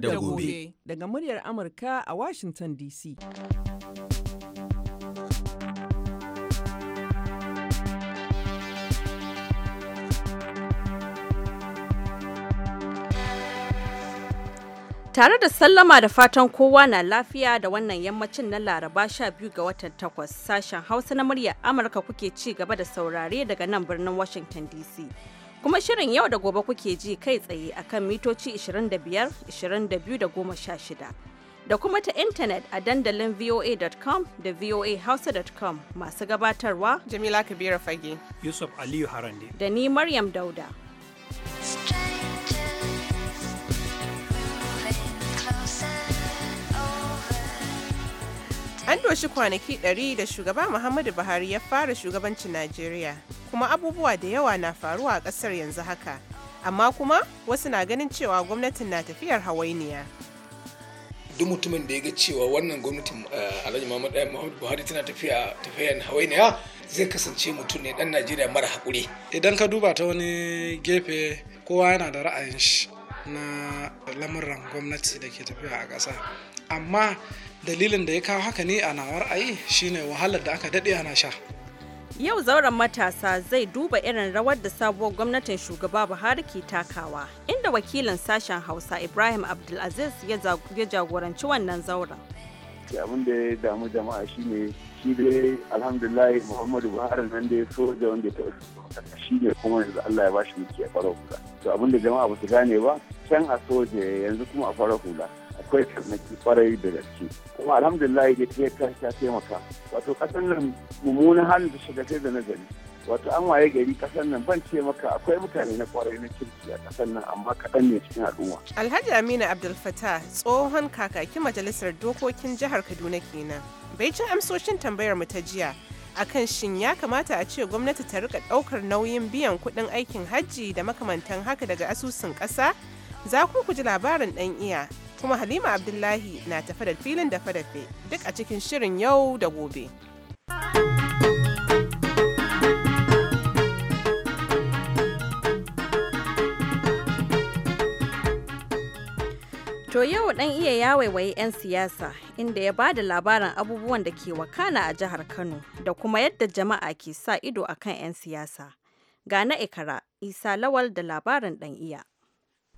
da gobe daga muryar Amurka a Washington DC. Tare da sallama da fatan kowa na lafiya da wannan yammacin na Laraba 12 ga watan takwas sashen Hausa na muryar Amurka kuke ci gaba da saurare daga nan birnin Washington DC. Kuma shirin yau da gobe kuke ji kai tsaye akan mitoci 25, 22 da 16. Da kuma ta intanet a dandalin voa.com da voahausa.com masu gabatarwa Jamila kabira Fage, Yusuf Aliyu Harande, da ni Maryam Dauda. Strength. An doshi kwanaki ɗari da shugaba Muhammadu Buhari ya fara shugabancin Najeriya, kuma abubuwa da yawa na faruwa a ƙasar yanzu haka, amma kuma wasu na ganin cewa gwamnatin na tafiyar hawainiya. Duk mutumin da ya ga cewa wannan gwamnatin eh, Alhaji Muhammadu eh, Buhari tana tafiya tafiyan hawainiya zai kasance mutum ne dan Najeriya mara haƙuri. Idan ka duba ta wani gefe kowa yana da ra'ayin shi na lamuran gwamnati da ke tafiya a ƙasa. Amma dalilin da ya kawo haka ne a nawar ayi shine wahalar da aka daɗe ana sha yau zauren matasa zai duba irin rawar da sabuwar gwamnatin shugaba buhari ke takawa inda wakilin sashen hausa ibrahim abdulaziz ya jagoranci wannan zauren abin da ya damu jama'a shine shi yi alhamdulillah muhammadu buhari nan da ya so da wanda ya taɓa shi ne kuma yanzu allah ya bashi mulki a farar hula to abin da jama'a ba su gane ba can a soja yanzu kuma a farar hula akwai tarnaki kwarai da gaske kuma alhamdulillah da ta ta ta taimaka wato kasan nan mummunan halin da shiga da nazari wato an waye gari kasan nan ban ce maka akwai mutane na kwarai na kirki a kasan nan amma kaɗan ne cikin al'umma. Alhaji Aminu Abdul Fattah tsohon kakakin majalisar dokokin jihar Kaduna kenan. Bai cin amsoshin tambayar mu ta jiya akan shin ya kamata a ce gwamnati ta rika ɗaukar nauyin biyan kuɗin aikin hajji da makamantan haka daga asusun ƙasa? Za ku ji labarin ɗan iya kuma Halima Abdullahi na tafe da filin dafe-dafe duk a cikin shirin yau da gobe. To yau dan iya ya 'yan siyasa inda ya bada da labarin abubuwan da ke wakana a jihar Kano da kuma yadda jama'a ke sa ido a kan 'yan siyasa. Ga na Ikara, Isa Lawal da labarin dan iya.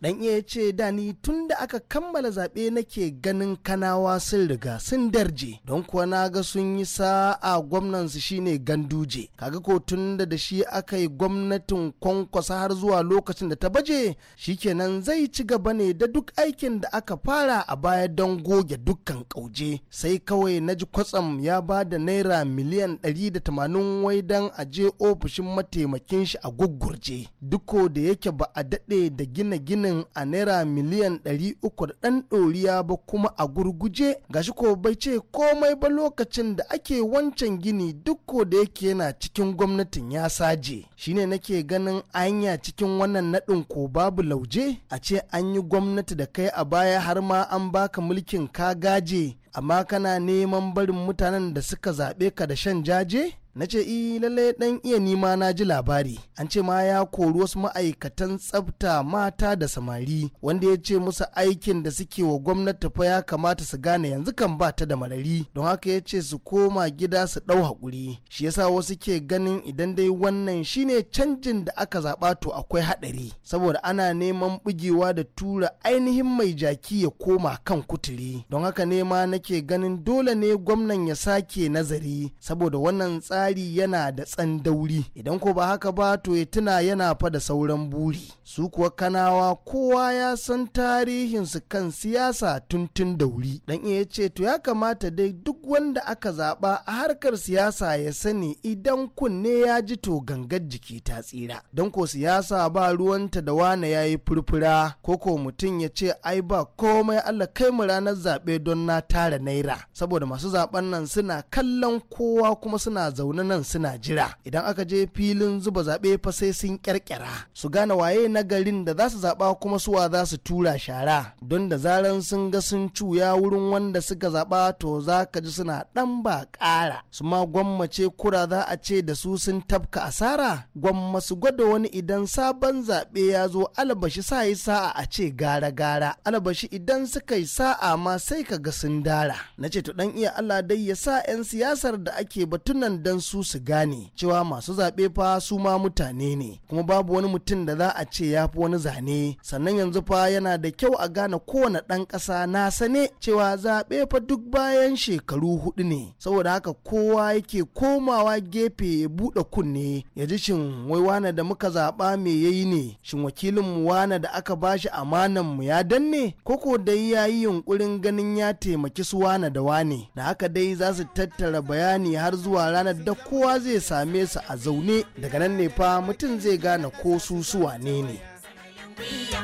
dan iya ce da ni tun da aka kammala zaɓe nake ganin kanawa sun riga sun darje don kuwa na ga sun yi sa'a gwamnansu shine ganduje kaga ko tun da da shi aka yi gwamnatin kwankwasa har zuwa lokacin da ta baje shikenan zai ci gaba ne da duk aikin da aka fara a baya don goge dukkan kauje sai kawai na ji kwatsam ya ba da naira miliyan ɗari da tamanin wai dan a je ofishin mataimakin shi a guggurje duko da yake ba a daɗe da gina gina ƙarin a naira miliyan 300 da ɗan ɗoriya ba kuma a gurguje gashi ko bai ce komai ba lokacin da ake wancan gini duk da yake yana cikin gwamnatin ya saje shine nake ganin anya cikin wannan naɗin ko babu lauje a ce an yi gwamnati da kai a baya har ma an baka mulkin ka gaje amma kana neman barin mutanen da suka zaɓe ka da shan jaje na ce i lalle dan iya nima na ji labari an ce ma ya kori wasu ma'aikatan tsafta mata da samari wanda ya ce musu aikin da suke wa gwamnati fa ya kamata su gane yanzu kan ba ta da marari don haka ya ce su koma gida su ɗau hakuri shi yasa wasu ke ganin idan dai wannan shine canjin da aka zaɓa to akwai haɗari saboda ana neman bugewa da tura ainihin mai jaki ya koma kan kuturi don haka ne ma nake ganin dole ne gwamnan ya sake nazari saboda wannan tsari tsari yana da tsandauri idan ko ba haka ba to ya tuna yana fa da sauran buri su kuwa kanawa kowa ya san tarihin su kan siyasa tuntun da wuri dan iya ce to ya kamata dai duk wanda aka zaba a harkar siyasa ya sani idan kunne ya ji to gangar jiki ta tsira don ko siyasa ba ruwanta da wane ya yi furfura ko ko mutum ya ce ai ba komai allah kai mu ranar zaɓe don na tara naira saboda masu zaben nan suna kallon kowa kuma suna zaune zaune nan suna jira idan aka je filin zuba zaɓe fa sai sun kyarkyara su gane waye na garin da za su zaɓa kuma suwa za su tura shara don da zaran sun ga sun cuya wurin wanda suka zaɓa to za ka ji suna ɗan ba ƙara su ma gwammace kura za a ce da su sun tafka asara gwamma su gwada wani idan sabon zaɓe ya zo albashi sa yi sa'a a ce gara-gara albashi idan suka yi sa'a ma sai ka ga sun dara na ce to ɗan iya Allah dai ya sa 'yan siyasar da ake batunan dan su su gane cewa masu zaɓe fa su ma mutane ne kuma babu wani mutum da za a ce ya fi wani zane sannan yanzu fa yana da kyau a gane kowane ɗan ƙasa na sane cewa zaɓe fa duk bayan shekaru hudu ne saboda haka kowa yake komawa gefe ya buɗe kunne ya ji shin wai wane da muka zaɓa me ya yi ne shin wakilin mu wane da aka bashi amanan mu ya danne koko dai ya yi yunkurin ganin ya taimaki su wane da wane da haka dai za su tattara bayani har zuwa ranar yadda kowa zai same su a zaune daga nan ne fa mutum zai gane ko su ne ne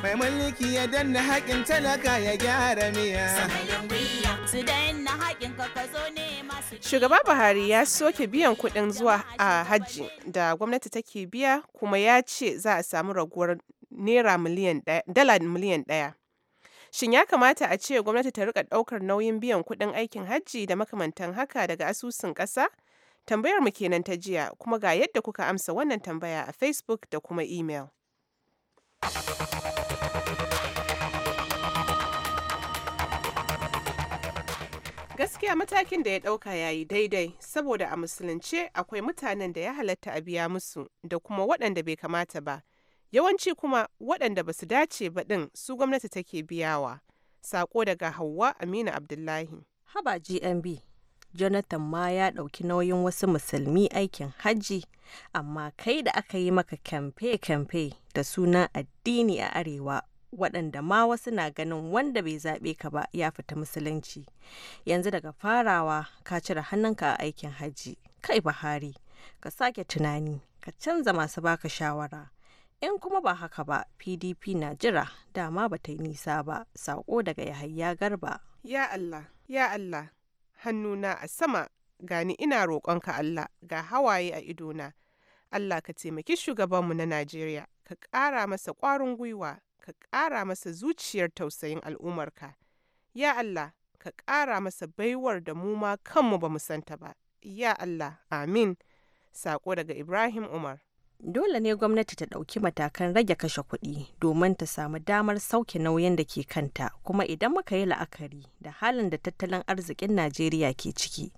mai mulki ya danna haƙin talaka ya gyara miya Shugaba Buhari ya soke biyan kuɗin zuwa a hajji da gwamnati take biya kuma ya ce za a samu raguwar naira dala miliyan ɗaya. Shin ya kamata a ce gwamnati ta rika ɗaukar nauyin biyan kuɗin aikin hajji da makamantan haka daga asusun ƙasa Tambayar mu kenan ta jiya kuma ga yadda kuka amsa wannan tambaya a Facebook da kuma email. Gaskiya matakin da ya ɗauka ya yi daidai saboda a musulunce akwai mutanen da ya halatta a biya musu da kuma waɗanda bai kamata ba. Yawanci kuma waɗanda ba su dace ba ɗin su gwamnati take biyawa. Sako daga Hauwa amina Abdullahi. Haba GMB, jonathan ma ya ɗauki nauyin wasu musulmi aikin hajji amma kai da aka yi maka kamfe-kamfe da suna addini a arewa waɗanda ma wasu na ganin wanda bai zaɓe ka ba ya fita musulunci yanzu daga farawa ka cire hannunka a aikin hajji kai buhari ka sake tunani ka canza masu baka shawara in kuma ba haka ba pdp na jira dama ba ta yi nisa ba sako daga yahaya garba ya allah ya allah hannuna a sama gani ina roƙonka Allah ga hawaye a idona. Allah ka taimaki shugabanmu na Najeriya, ka ƙara masa ƙwarin gwiwa, ka ƙara masa zuciyar tausayin al'ummarka. Ya Allah, ka ƙara masa baiwar da mu ma kanmu ba mu santa ba. Ya Allah, amin. Sako daga Ibrahim Umar. dole ne gwamnati ta ɗauki matakan rage kashe kuɗi domin ta samu damar sauke nauyin da ke kanta kuma idan muka yi la'akari da halin da tattalin arzikin najeriya ke ciki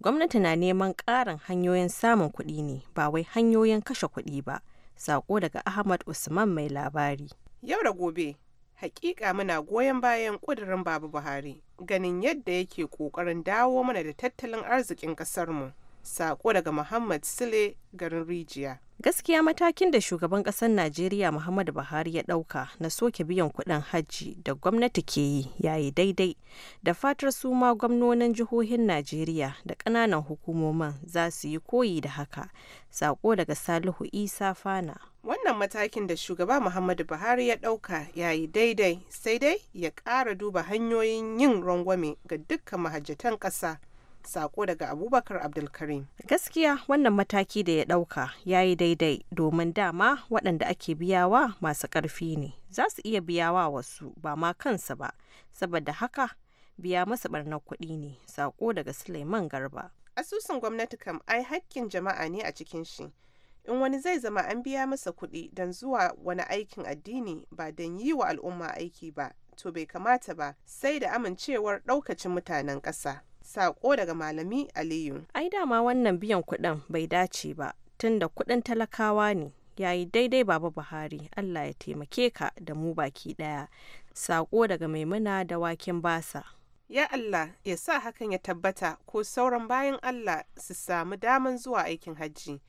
gwamnati na neman ƙarin hanyoyin samun kuɗi ne ba wai hanyoyin kashe kuɗi ba sako daga ahmad usman mai labari yau da gobe hakika muna goyon bayan ƙudurin babu buhari ganin yadda yake ƙoƙarin dawo mana da tattalin arzikin ƙasarmu. mu Sako daga Muhammad Sule garin Rijiya. Gaskiya matakin da shugaban ƙasar Najeriya Muhammadu Buhari ya ɗauka na soke biyan kuɗin hajji da gwamnati ke yi yayi daidai da fatar su ma gwamnonin jihohin Najeriya da ƙananan hukumomin za su yi koyi da haka. Sako daga Salihu Isa Fana. Wannan matakin da shugaba Muhammadu Buhari ya ɗauka yayi daidai sai dai ya ƙara duba hanyoyin yin rangwame ga dukkan mahajjatan ƙasa. Sako daga Abubakar Abdulkarim. Gaskiya wannan mataki da ya ɗauka ya yi daidai domin dama waɗanda ake biyawa masu ƙarfi ne za su iya biyawa wasu ba ma kansa ba, saboda haka biya masa ɓarnar kuɗi ne. Sako daga Suleiman Garba. Asusun gwamnati kam ai hakkin jama'a ne a cikin shi. in wani zai zama an biya masa kuɗi don zuwa wani aikin addini ba don yi wa al'umma aiki ba to bai kamata ba sai da amincewar ɗaukacin mutanen ƙasa. Sako daga Malami Aliyu. Ai dama wannan biyan kuɗin bai dace ba, tunda kuɗin talakawa ne. Ya yi daidai Baba Buhari, Allah ya taimake ka da mu baki ɗaya. Sako daga Maimuna da waken basa. Ya Allah, ya sa hakan ya tabbata ko sauran bayan Allah su samu daman zuwa aikin hajji.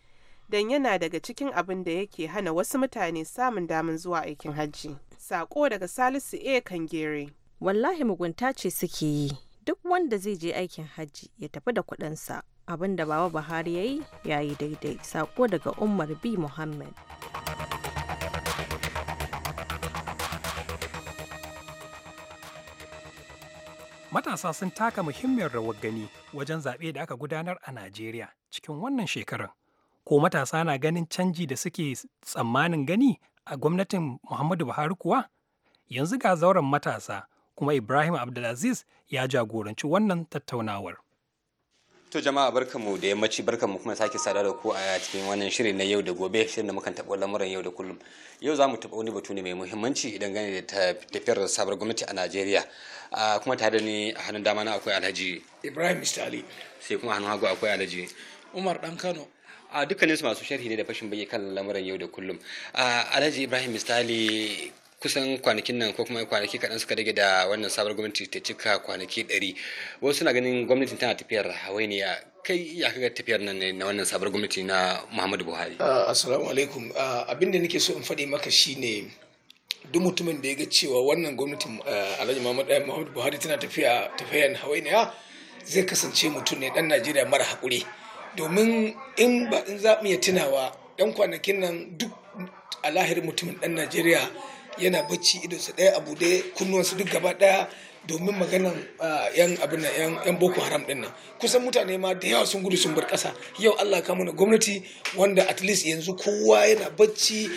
Don yana daga cikin abin da yake hana wasu mutane samun daman zuwa aikin hajji. Sako daga Salisu A. Kangere. Wallahi mugunta ce suke yi. duk wanda zai je aikin hajji ya tafi da kudinsa abinda da baba buhari ya yi ya yi daidai sako daga umar bi muhammad matasa sun taka muhimmiyar rawar gani wajen zaɓe da aka gudanar a najeriya cikin wannan shekarar ko matasa na ganin canji da suke tsammanin gani a gwamnatin muhammadu buhari kuwa yanzu ga zauren matasa kuma Ibrahim Abdulaziz ya jagoranci wannan tattaunawar. To jama'a mu da yammaci mu kuma sake sada da ku a cikin wannan shirin na yau da gobe shirin da mukan taɓa lamuran yau da kullum. Yau za mu taɓa wani batu ne mai muhimmanci idan gane da tafiyar sabar gwamnati a Najeriya. Kuma tare da ni a hannun dama na akwai Alhaji Ibrahim Mr. Sai kuma hannun hagu akwai Alhaji Umar Dan Kano. a dukkaninsu masu sharhi ne da fashin bayyana kan lamuran yau da kullum alhaji ibrahim misali kusan kwanakin nan ko kuma kwanaki kaɗan suka rage da wannan sabar gwamnati ta cika kwanaki ɗari wasu na ganin gwamnatin tana tafiyar hawainiya kai ya kaga tafiyar nan na wannan sabar gwamnati na muhammadu buhari ah, assalamu alaikum ah, abin da nake so in faɗi maka shine duk mutumin da ya ga cewa wannan gwamnatin ah, alhaji eh, muhammadu buhari tana tafiya tafiyan hawainiya zai kasance mutum ne dan najeriya mara haƙuri domin in ba in za mu iya tunawa dan kwanakin nan duk a lahirin mutumin dan najeriya yana bacci su ɗaya abu kunnuwan su duk gaba ɗaya domin maganan yan abin nan yan boko haram din nan kusan mutane ma da yawa sun gudu sun bar kasa yau Allah ka mana gwamnati wanda at least yanzu kowa yana bacci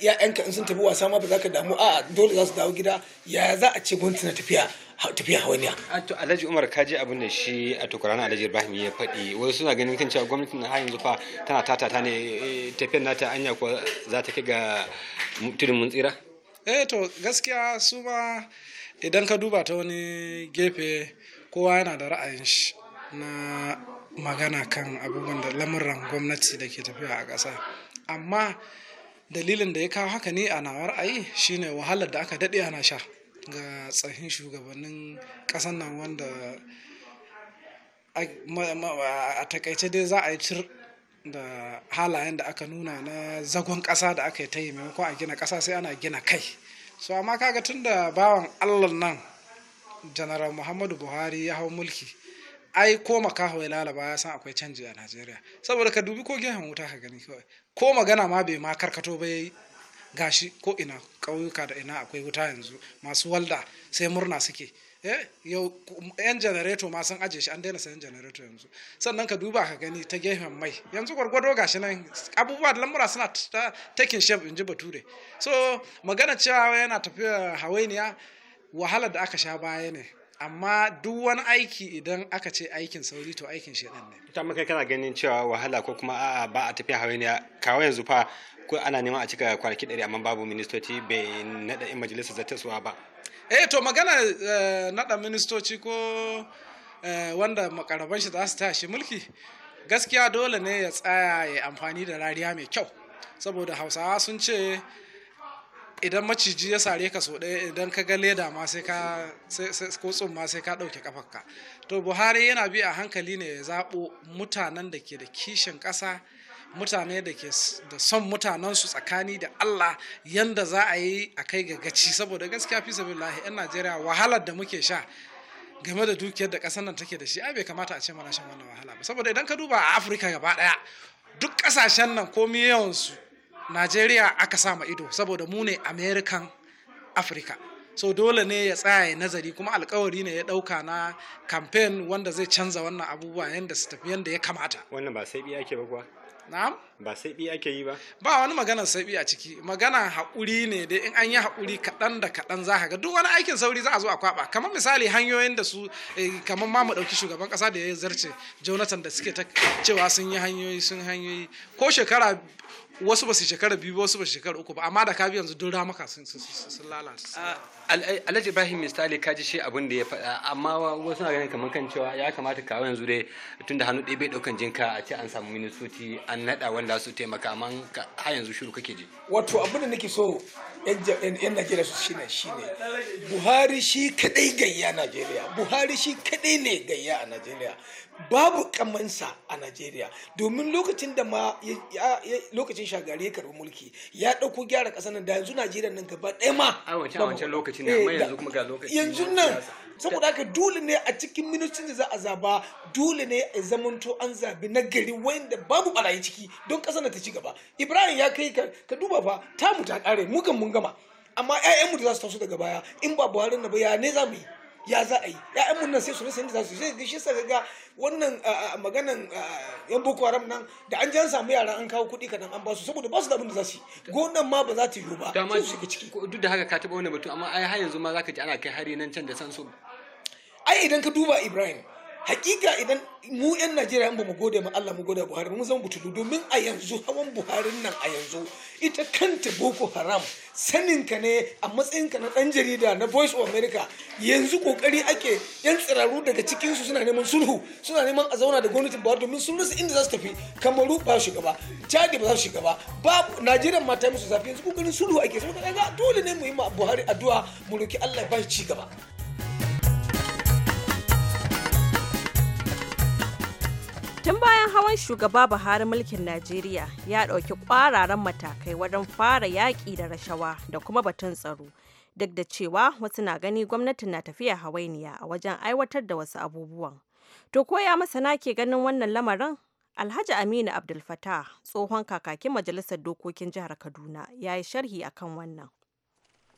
ya ya'yanka in sun tafi wasa ma ba za ka damu a dole za su dawo gida ya za a ce gwamnati na tafiya tafiya hawaniya. to alhaji umar ka je abin da shi a to alhaji ibrahim ya faɗi wasu suna ganin kan cewa gwamnati na yanzu fa tana tata ta ne eh, tafiyar nata anya ko za ta kai ga tudun mun tsira. eh to gaskiya su ma idan ka duba ta wani gefe kowa yana da ra'ayin shi na magana kan abubuwan da lamuran gwamnati da ke tafiya a ƙasa amma dalilin da ya kawo haka ne a nawar ayi shine wahalar da aka daɗe ana sha ga tsahin shugabannin ƙasar nan wanda a takaice dai za a yi da halayen da aka nuna na zagon ƙasa da aka yi ta yi maimakon a gina ƙasa sai ana gina kai so amma kaga tun da bawan allah nan janaral muhammadu buhari ya hau mulki ai ko makaho ya lalaba ya san akwai canji a najeriya saboda ka dubi ko gehen wuta ka gani kawai ko magana ma bai ma karkato ba gashi ko ina ƙauyuka da ina akwai wuta yanzu masu walda sai murna suke Eh, yau yan janareto ma sun ajiye shi an daina sayan janareto yanzu sannan ka duba ka gani ta gefen mai yanzu gwargwado gashi nan abubuwa da lamura suna ta takin shef in ji bature so magana cewa yana tafiya hawainiya wahala da aka sha baya ne amma duk wani aiki idan aka ce aikin sauri to aikin shedan ne ita kai kana ganin cewa wahala ko kuma a'a ba a tafiya hawainiya kawo yanzu fa ko ana neman a cika kwanaki ɗari amma babu ministoci bai naɗa in majalisar suwa ba eh to magana eh, naɗa ministoci ko eh, wanda makaraban shi za su tashi mulki gaskiya dole ne ya tsaya ya amfani da rariya mai kyau saboda hausawa sun ce idan maciji ya sare ka so ɗaya idan ka ga leda ma sai ka ko tsumma sai ka ɗauke kafarka to buhari yana bi a hankali ne ya zaɓo mutanen da ke da kishin ƙasa mutane da ke da son mutanensu tsakani da Allah yanda za a yi a kai ga gaci saboda gaskiya fi lahi yan Najeriya wahalar da muke sha game da dukiyar da ƙasar nan take da shi ai bai kamata a ce mana shan wannan wahala ba saboda idan ka duba a Afirka gaba ɗaya duk ƙasashen nan ko su Najeriya aka sa ma ido saboda mu ne American Africa so dole ne ya tsaya ya nazari kuma alkawari ne ya ɗauka na kamfen wanda zai canza wannan abubuwa yadda su tafi yadda ya kamata wannan ba sai biya ke ba kuwa na'am ba saibi ake yi ba ba wani maganar saibi a ciki magana haƙuri ne dai in an yi haƙuri kaɗan da kaɗan za ka ga duk wani aikin sauri za a zo a kwaɓa kamar misali hanyoyin da su eh, kamar ma mu ɗauki shugaban ƙasa da ya zarce jonathan da suke ta cewa sun yi hanyoyi sun hanyoyi ko shekara wasu ba su shekara biyu wasu ba su shekara uku ba amma da ka bi yanzu duk ramuka sun sun lalata eh, alhaji ibrahim misali ka ji shi abin da ya faɗa amma wasu na ganin kamar kan cewa ya kamata kawo yanzu dai tun da hannu ɗaya bai ɗaukan jinka a ce an samu ministoci an naɗa wanda su taimaka amma har yanzu shiru kake ji wato abin da nake so yan najeriya su shine shine buhari shi kadai gayya najeriya buhari shi kaɗai ne gayya a najeriya babu kamansa a najeriya domin lokacin da ma lokacin gare karɓi mulki ya dauko gyara kasar nan da yanzu najeriya nan gaba ɗaya ma a wancan lokacin ne amma eh, yanzu kuma ga lokaci yanzu nan saboda haka dole ne a cikin ministocin da za a zaba dole ne a zamanto an zabi na gari wanda babu barayi ciki don kasar ta ci gaba ibrahim ya kai ka duba fa mu ta kare mu kan mun gama amma 'ya'yanmu da za su taso daga baya in ba buhari na ba ya ne za mu yi ya za a yi ya'yan mun nan sai su rasa yadda za su sai shi sa ga wannan maganan yan boko haram nan da an jan samu yaran an kawo kuɗi kadan an ba su saboda ba su da abin da za su yi gonan ma ba za ta yiwu ba su shiga ciki duk da haka ka taɓa wani batu amma ai har yanzu ma za ka ji ana kai hari nan can da san su ai idan ka duba ibrahim hakika idan mu 'yan najeriya ba mu gode ma allah mu gode buhari mu zama butulu domin a yanzu hawan buharin nan a yanzu ita kanta boko haram sanin ka ne a matsayin ka na dan jarida na voice of america yanzu kokari ake yan tsiraru daga cikin su suna neman sulhu suna neman a zauna da gwamnatin buhari domin sun rasa inda za su tafi kamaru ba shiga ba chadi ba za su shiga ba babu najeriya ma ta musu zafi yanzu kokarin sulhu ake saboda dole ne mu yi ma buhari addu'a mu roki allah ba shi ci gaba tun bayan hawan shugaba buhari mulkin najeriya ya ɗauki ƙwararan matakai wajen fara yaƙi da rashawa da kuma batun tsaro duk da cewa wasu na gani gwamnatin na tafiya hawainiya a wajen aiwatar da wasu abubuwan to koya masana ke ganin wannan lamarin alhaji aminu Abdulfata, tsohon kakakin majalisar dokokin jihar kaduna ya yi sharhi akan wannan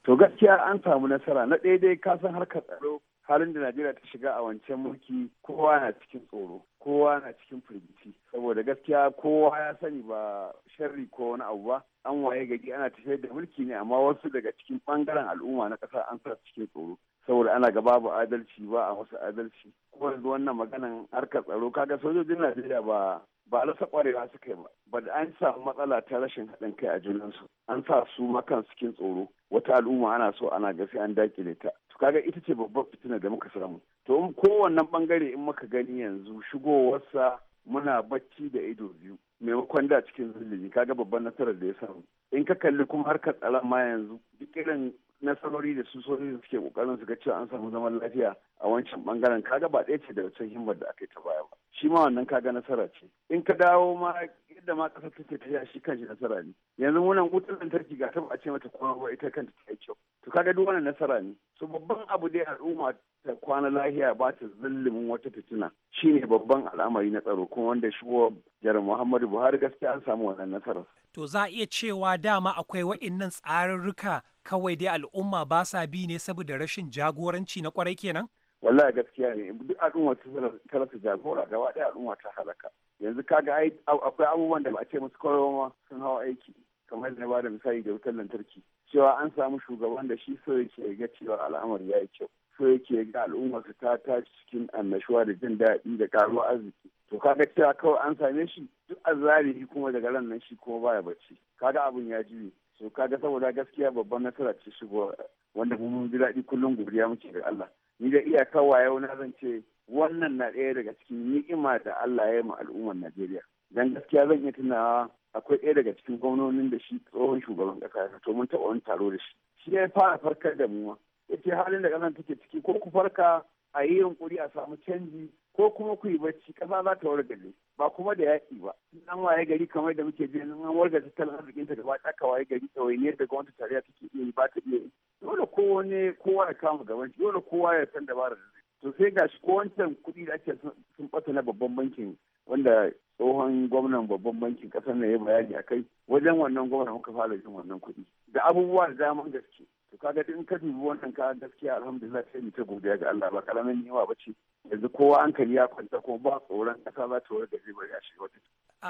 to gaskiya an samu nasara na ɗaya dai kasan harkar tsaro halin da najeriya ta shiga a wancan mulki kowa na cikin tsoro kowa na cikin firgici saboda gaskiya kowa ya sani ba sharri ko wani abu ba an waye gari ana tafiyar da mulki ne amma wasu daga cikin bangaren al'umma na ƙasa an sa cikin tsoro saboda ana ga babu adalci ba a wasu adalci ko yanzu wannan maganan harkar tsaro kaga sojojin najeriya ba ba rasa kwarewa suka yi ba ba da an samu matsala ta rashin haɗin kai a junansu an sa su makan cikin tsoro wata al'umma ana so ana gasi an dakile ta su kaga ita ce babbar fitina da muka samu to kowannen bangare in muka gani yanzu shigowarsa muna bacci da ido biyu maimakon da cikin zulumi kaga babban nasarar da ya samu in ka kalli kuma harkar tsaron ma yanzu duk irin nasarori da su sojoji suke kokarin su ga cewa an samu zaman lafiya a wancan bangaren kaga ba ɗaya ce da wancan himmar da aka yi ta baya ba shi ma wannan kaga nasara ce in ka dawo ma yadda ma ƙasar take tafiya shi kanshi nasara ne yanzu munan wutar lantarki ga ta ba a ce mata kuma ba ita kanta ta yi kyau to kaga duk wannan nasara ne so babban abu dai al'umma ta kwana lahiya ba ta zallumin wata fitina ne babban al'amari na tsaro kuma wanda shigo jar muhammadu buhari gaskiya an samu wannan nasarar to za a iya cewa dama akwai waɗannan tsarurruka kawai dai al'umma ba sa bi ne saboda rashin jagoranci na kwarai kenan? wallahi gaskiya ne duk al'umma ta ta jagora gaba ɗaya al'umma ta halaka yanzu kaga akwai abubuwan da ba ce musu kwarewa ma sun hawa aiki kamar da ba da misali da wutar lantarki cewa an samu shugaban da shi so yake ga cewa al'amari ya yi kyau so yake ga al'umma su ta tashi cikin annashuwa da jin daɗi da karuwa arziki to kaga cewa kawai an same shi duk azzari kuma daga ran nan shi kuma baya bacci kaga abun ya jibi. so kaga saboda gaskiya babban nasara ce shigo wanda mun ji daɗi kullum godiya muke ga Allah ni da iyaka yau na zan ce wannan na ɗaya daga cikin ni'ima da Allah ya yi ma al'ummar Najeriya dan gaskiya zan iya tunawa akwai ɗaya daga cikin gwamnonin da shi tsohon shugaban ƙasa ya to mun taɓa wani taro da shi shi ya fara farkar da mu ma yace halin da ƙasar take ciki ko ku farka a yi yunƙuri a samu canji ko kuma ku yi bacci ƙasa za ta ne ba kuma da yaƙi ba an waye gari kamar da muke nan an warga tattalin arzikin ta gaba ta waye gari kawai ne da gwamnati tarayya take iya ba ta iya dole kowane kowa ya kama gaban shi dole kowa ya san dabarar to sai ga shi ko wancan kuɗi da ake sun bata na babban bankin wanda tsohon gwamnan babban bankin kasar na ya bayani a kai wajen wannan gwamnan muka fara jin wannan kuɗi da abubuwa da daman gaske to kaga in ka dubi wannan ka gaskiya alhamdulillah sai mu ta godiya ga Allah ba karamin niwa bace yanzu kowa an kariya kwanta kuma ba tsoron kasa ba tsoron da zai bari a shi wata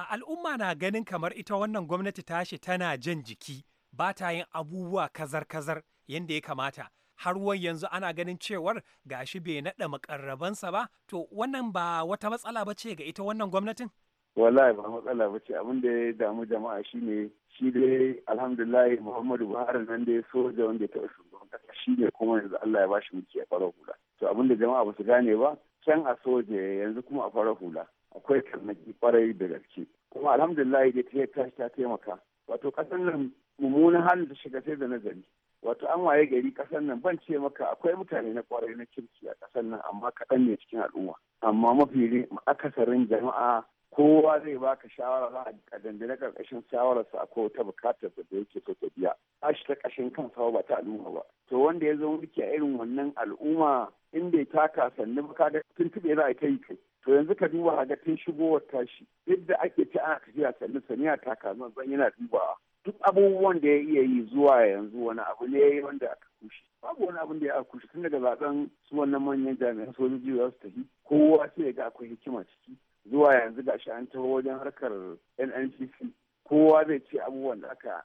al'umma na ganin kamar ita wannan gwamnati tashi tana jan jiki ba ta yin abubuwa kazar-kazar yadda ya kamata har wai yanzu ana ganin cewar gashi bai naɗa makarrabansa ba to wannan ba wata matsala ba ce ga ita wannan gwamnatin wallahi ba matsala ba ce abin da ya damu jama'a shine shi dai alhamdulillah muhammadu buhari nan dai soja wanda ya taɓa shugaban ƙasa shi ne kuma yanzu allah ya bashi mulki a farar hula to abin da jama'a ba su gane ba kyan a soja yanzu kuma a fara hula akwai karnaki kwarai da gaske kuma alhamdulillah dai ta tashi ta taimaka wato ƙasar nan mummunan halin da shiga sai da nazari wato an waye gari ƙasar nan ban ce maka akwai mutane na kwarai na kirki a ƙasar nan amma kaɗan ne cikin al'umma amma mafi akasarin jama'a kowa zai baka shawara za a dandana karkashin shawararsa a wata bukatar da yake so ta biya shi ta kashin kansa ba ta al'umma ba to wanda ya zama mulki a irin wannan al'umma in bai taka sannu ba kaga tuntuɓe za a ta yi kai to yanzu ka duba a ga tun shigowar tashi yadda ake ta ana tafiya sannu sani a taka zan yana dubawa duk abubuwan da ya iya yi zuwa yanzu wani abu ne ya yi wanda aka kushe babu wani abu da ya aka kushe tun daga zaben su wannan manyan jami'an sojoji za su tafi kowa sai ya ga akwai hikima ciki zuwa yanzu ga shi an taho wajen harkar nnpc kowa zai ce abubuwan da aka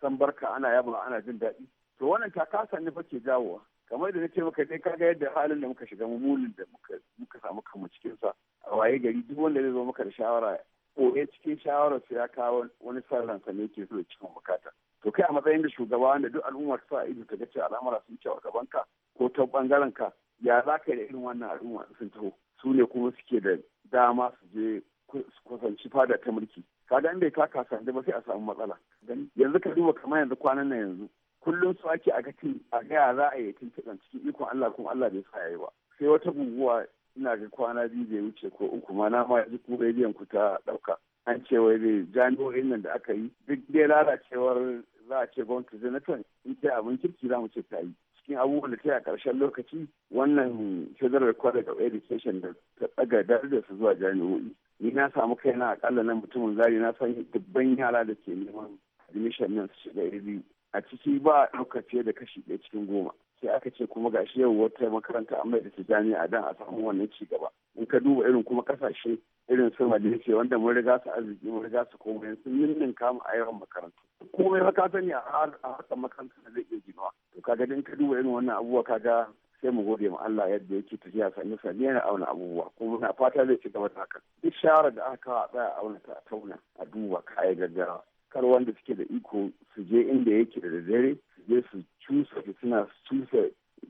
san barka ana yaba ana jin daɗi to wannan ta kasa ne fa ke jawowa kamar da na ce maka dai kaga yadda halin da muka shiga mumulin da muka samu kanmu cikin sa a waye gari duk wanda zai zo maka da shawara ko ya cikin shawarar ya kawo wani sa ne yake so ya cikin bukata to kai a matsayin da shugaba wanda duk al'umma ta sa ido ta ga cewa al'amura sun a gaban ka ko ta bangaren ka ya za ka da irin wannan al'umma sun taho su ne kuma suke da dama su je su kusanci fada ta mulki kaga inda ya taka sanda ba sai a samu matsala yanzu ka duba kamar yanzu kwanan nan yanzu kullum su ake a kacin a gaya za a yi tuntuɓen cikin ikon Allah kuma Allah bai sa yi ba sai wata guguwa ina ga kwana biyu bai wuce ko uku ma na ma ji ku biyan ku ta ɗauka an ce wai bai jami'o'in nan da aka yi duk dai lalacewar za a ce gwamnati zanatan in ta abin kirki za mu ce ta yi cikin abubuwan da ta yi a ƙarshen lokaci wannan federal college of education da ta ɗaga da su zuwa jami'o'i ni na samu kaina aƙalla na mutumin zari na san dubban yara da ke neman admission nan su shiga iri a ciki ba ɗaukar fiye da kashi ɗaya cikin goma sai aka ce kuma ga shi yau wata makaranta an mai da ta jami'a dan a samu wannan ci gaba in ka duba irin kuma kasashe irin su malaysia wanda mun riga su arziki mun riga su komai sun ninnin kama a yawan makarantu komai fa ka sani a harkar makaranta na zai iya jinawa to kaga in ka duba irin wannan abubuwa kaga sai mu gode ma Allah yadda yake tafiya sani sannu yana auna abubuwa kuma na fata zai ci gaba da haka duk shawara da aka kawo a tsaya auna ta a tauna a duba kayan gaggawa kar wanda suke da iko su je inda yake da dare su je su cusa suna cusa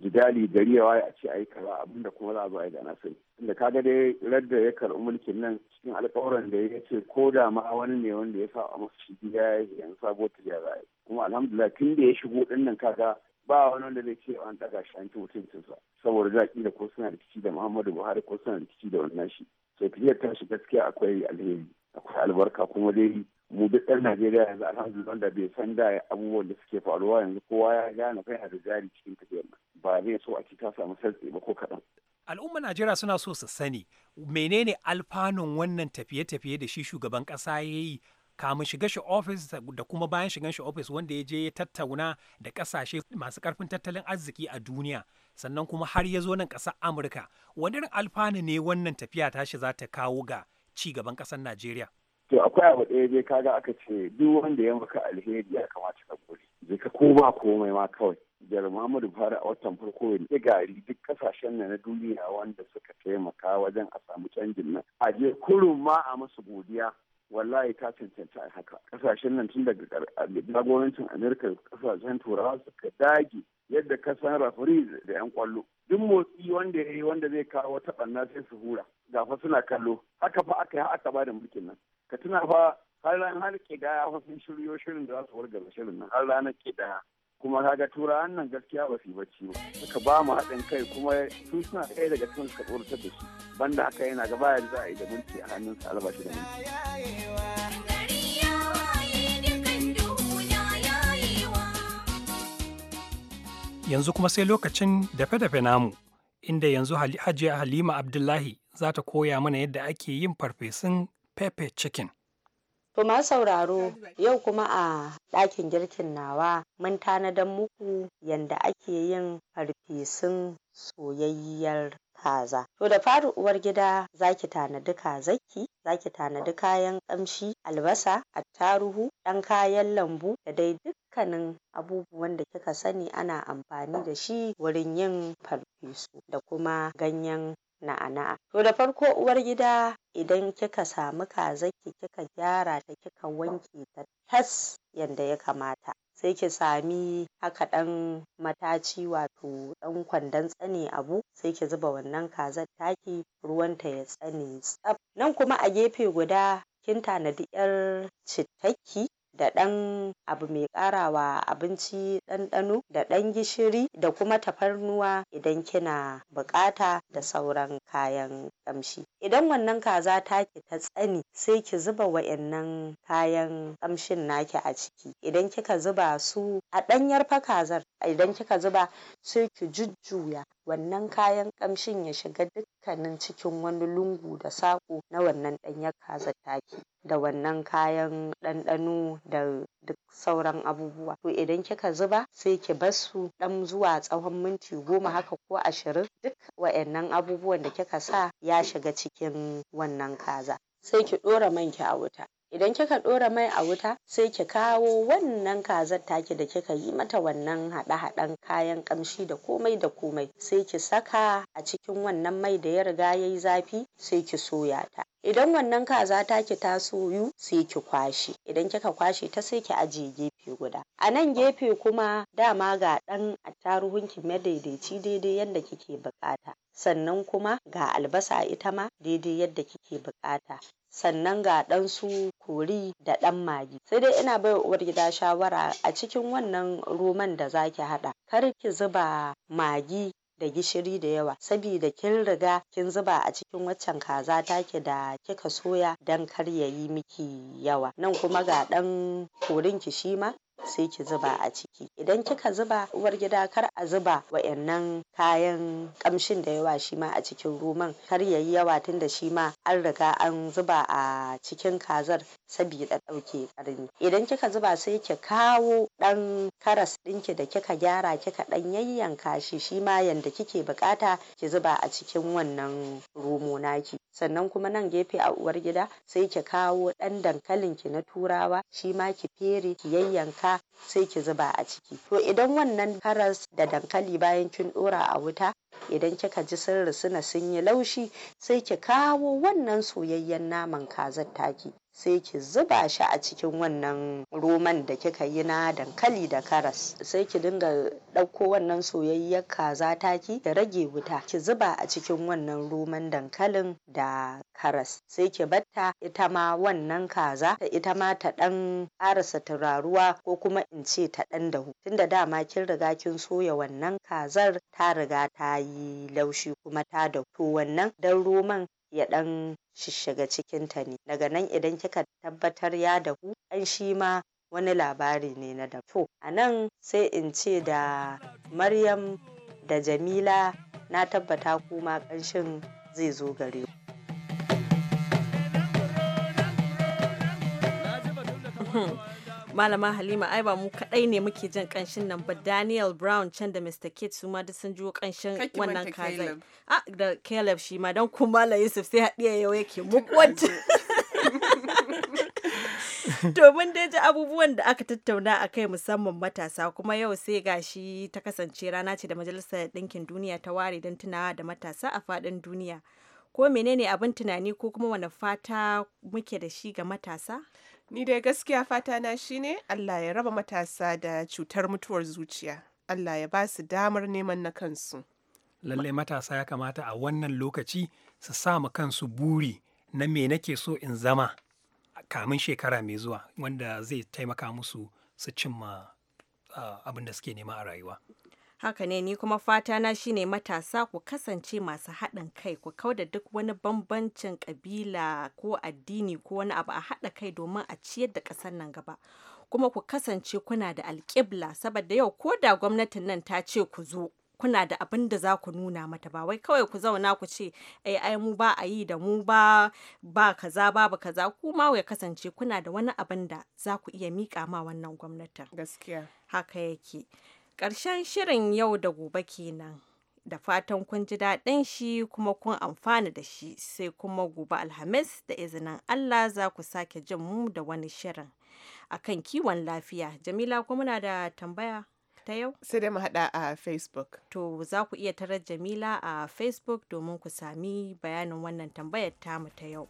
jidali gari ya waye a ce ayi kaza abinda kuma za a bayar da na sani ka kaga dai radda ya karɓi mulkin nan cikin alƙawarin da ya ce ko da ma wani ne wanda ya sa a masa shi gida ya yan sabo ta ya za kuma alhamdulillah tun da ya shigo ɗin nan kaga ba wani wanda zai ce an ɗaga shi an ci sa. saboda za da ko suna rikici da muhammadu buhari ko suna rikici da wannan shi sai ta shi gaskiya akwai alheri akwai albarka kuma dai mu duk ɗan Najeriya yanzu alhamdulillah da bai san da abubuwan da suke faruwa yanzu kowa ya gane kai da jari cikin tafiyar ba zai so a cika samu sarki ba ko kaɗan. Al'ummar Najeriya suna so su sani menene alfanun wannan tafiye-tafiye da shi shugaban ƙasa ya yi kamun shiga shi ofis da kuma bayan shigan shi ofis wanda ya je ya tattauna da ƙasashe masu ƙarfin tattalin arziki a duniya sannan kuma har ya zo nan ƙasar Amurka. Wani alfanu ne wannan tafiya ta shi za ta kawo ga ci gaban ƙasar Najeriya? to akwai abu ɗaya dai kaga aka ce duk wanda ya maka alheri ya kamata ka gode zai ka ko komai ma kawai jar Muhammadu Buhari a watan farko ya gari duk kasashen na duniya wanda suka taimaka wajen a samu canjin nan a je kurun ma a masu godiya wallahi ta cancanta haka kasashen nan tun daga jagorancin amerika kasashen turawa suka dage yadda kasan san da yan kwallo duk motsi wanda ya yi wanda zai kawo wata ɓanna sai su hura gafa suna kallo haka fa aka yi aka ba da mulkin nan ka tuna fa har ranar har ke da ya shiryo shirin da za su wargaza shirin nan har ranar ke da kuma kaga tura nan gaskiya ba su yi bacci ba suka ba mu haɗin kai kuma su suna ɗaya daga cikin suka tsorata da shi banda haka yana gaba za a yi da mulki a hannunsa albashi da mulki. yanzu kuma sai lokacin dafe-dafe namu inda yanzu hajiya halima abdullahi za ta koya mana yadda ake yin farfesun Pepe Chicken. ma sauraro yau kuma a ɗakin girkin nawa mun tanadan muku yanda ake yin farfesun soyayyiyar kaza. To da faru uwar gida za ki tanadi kazaki, za ki tanadi kayan ƙamshi, albasa, attaruhu, ɗan kayan lambu da dai dukkanin abubuwan da kika sani ana amfani da shi wurin yin farfesu da kuma ganyen na'ana'a. To da farko uwar gida idan kika samu ki kika gyara ta kika wanke ta tas yanda ya kamata sai ki sami haka ɗan mataci wato ɗan kwandon tsane abu sai ki zuba wannan kazar taki ruwanta ya tsane tsaf. Nan kuma a gefe guda kin tanadi 'yar cittakki da ɗan abu mai ƙarawa abinci ɗanɗano da ɗan gishiri da kuma tafarnuwa idan kina buƙata da sauran kayan ƙamshi. Idan wannan kaza ta ki ta tsani sai ki zuba wa'innan kayan ƙamshin naki a ciki idan kika zuba su a ɗanyar fa kazar idan kika zuba sai ki jujjuya wannan kayan kamshin ya shiga dukkanin cikin wani lungu da saƙo na wannan ya kazar taki da wannan kayan ɗanɗano da duk sauran abubuwa to idan kika zuba sai ki barsu ɗan zuwa tsawon minti goma haka ko ashirin duk wa'yannan abubuwan da kika sa ya shiga cikin wannan kaza sai ki ɗora manki a wuta idan kika ɗora mai a wuta sai ki kawo wannan kazar taki da kika yi mata wannan haɗe-haɗen kayan ƙamshi da komai da komai sai ki saka a cikin wannan mai da ya riga yayi zafi sai ki soya ta idan wannan kaza ta ki ta soyu sai ki kwashe idan kika kwashe ta sai ki ajiye gefe guda a nan gefe kuma dama ga ɗan attaruhun ki madaidaici daidai yadda kike bukata sannan kuma ga albasa ita ma daidai yadda kike bukata sannan ga ɗan su kori da ɗan magi sai dai ina baiwa uwar gida shawara a cikin wannan roman da zaki haɗa kar ki zuba magi da gishiri da yawa sabida kin riga kin zuba a cikin waccan kaza taki da kika soya don kar ya yi miki yawa nan kuma ga ɗan korin ki shi ma. sai ki zuba a ciki idan kika zuba uwargida kar a zuba wayannan kayan kamshin da yawa shi ma a cikin roman kar yayi yawa tunda shi ma an riga an zuba a cikin kazar sabida ɗauke ƙarni idan kika zuba sai ki kawo ɗan karas ɗinki da kika gyara kika ɗan yayyanka shi shi ma yanda kike bukata ki zuba a cikin wannan romo naki sannan kuma nan gefe a uwar gida sai ki kawo ɗan dankalin ki na turawa shi ma ki fere ki yayyanka sai ki zuba a ciki to idan wannan karas da dankali bayan kin ɗora a wuta idan kika ji sun na sun yi laushi sai ki kawo wannan soyayyen naman kazar taki sai ki zuba shi a cikin wannan roman da kika yi na dankali da karas sai ki dinga ɗauko wannan soyayyar kaza taki Ki rage wuta ki zuba a cikin wannan roman dankalin da karas sai ki batta ita ma wannan kaza ta ita ma ta ɗan ƙarasa turaruwa ko kuma in ce ta ɗan dahu tunda dama kin riga kin soya wannan kazar ta riga ta yi laushi kuma ta dahu to wannan dan roman ya ɗan shishiga cikin ta ne daga nan idan kika tabbatar ya dahu an shi ma wani labari ne na dafo to a nan sai in ce da Maryam da Jamila na tabbata kuma ƙanshin zai zo gare ku malama halima ai ba mu kadai ne muke jin kanshin nan ba daniel brown can da mr kate su ma sun jiwo kanshin wannan kazai a ah, da caleb shi ma don kuma la yusuf sai haɗiya yau yake to domin dai ji abubuwan da aka tattauna a kai musamman matasa kuma yau sai gashi ta kasance rana ce da majalisar ɗinkin duniya ta ware don tunawa da matasa a faɗin duniya ko menene abin tunani ko kuma wani fata muke da shi ga matasa Ni dai gaskiya fata na shine Allah ya raba matasa da cutar mutuwar zuciya. Allah ya ba su damar neman na kansu. Lallai matasa ya kamata a wannan lokaci su sa ma kansu buri na me nake so in zama kamin shekara mai zuwa wanda zai taimaka musu su cimma ah, abin da suke nema a rayuwa. haka ne ni kuma fata na shine matasa ku kasance masu haɗin kai ku da duk wani bambancin ƙabila ko addini ko wani abu a haɗa kai domin a ciyar da ƙasar nan gaba kuma ku kasance kuna da alƙibla saboda yau ko da gwamnatin nan ta ce ku zo kuna da abin da za ku nuna mata ba wai kawai ku zauna ku ce ai eh, ai mu ba a yi da mu ba ba kaza babu kaza ku ma ya kasance kuna da wani abin da za ku iya mika ma wannan gwamnatin gaskiya haka yake Ƙarshen shirin yau da gobe kenan. Da fatan kun ji daɗin shi kuma kun amfana da shi sai kuma gobe Alhamis da izinin Allah za ku sake jin mu da wani shirin. kan kiwon lafiya, Jamila kuma muna da tambaya ta yau? Sai dai mu haɗa a Facebook. To za ku iya tarar Jamila a Facebook domin ku sami bayanin wannan tambayar tamu ta yau.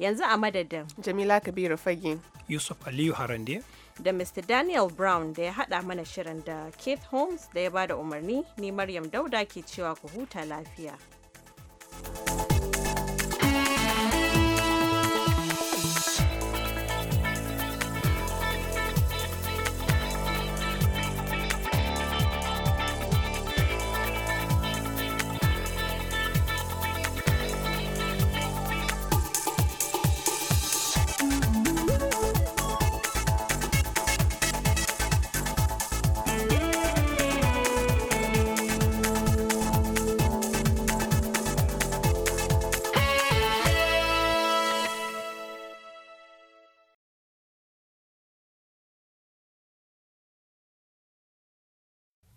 Yanzu a madadin. Jamila Kabiru Fage. Yusuf Aliyu Harande. da Mr. Daniel Brown da ya haɗa mana shirin da Keith Holmes da ya bada umarni, ni Maryam Dauda ke cewa ku huta lafiya.